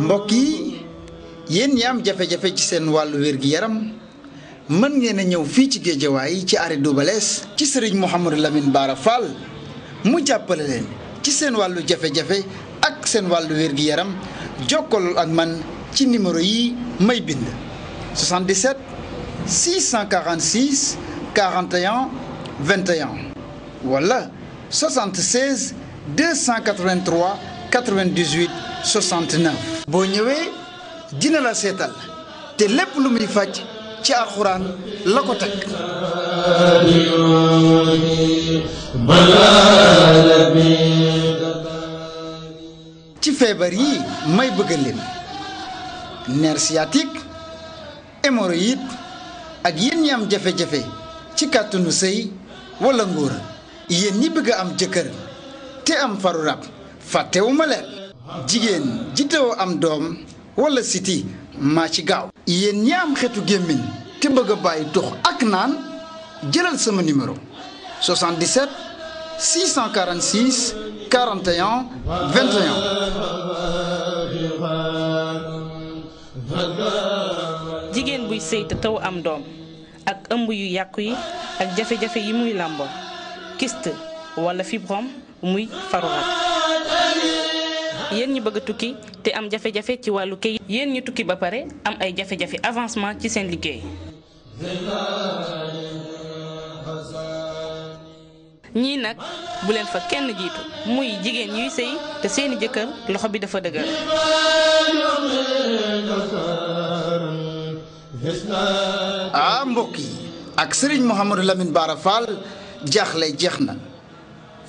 mbokk yi yéen ñi am jafe-jafe ci seen wàllu wér-gi-yaram mën ngeen a ñëw fii ci géejawaay ci arrêt Double ci sëriñ Mouhamadou Lamine Bara Fall mu jàppale leen ci seen wàllu jafe-jafe ak seen wàllu wér-gi-yaram jokkalool ak man ci numéro yi may bind 77 646 41 21 wala 283 98 69. boo ñëwee dina la seetal te lépp lu muy fàcc ci alxuraan la ko teg. ci feebar yi may bëgg lim nerf sciatique hémorroïde ak yéen ñi am jafe-jafe ci kàttanu sëy wala ngóor yéen ñi bëgg a am jëkkër. te am faru rab fàttewuma leen jigéen jiddawoo am doom walla siti maa ci gaaw yéen ñi am xeetu gémmiñ te bëgg bàyyi tux ak naan jëlal sama numéro 77 646 41 21 jigéen buy sëy te taw am doom ak ëmb yu yàqu yi ak jafe-jafe yi muy làmboo kist wala fibrome muy farurat yéen ñi bëgg tukki te am jafe-jafe ci wàllu kayit yéen ñu tukki ba pare am ay jafe-jafe avancement ci seen liggéey ñii nag bu leen fa kenn jiitu muy jigéen ñuy sëy te seeni jëkkër loxo bi dafa dëgër ah mbokk yi ak Serigne Mouhamadou Lamine Bara Fall jaaxle jeex na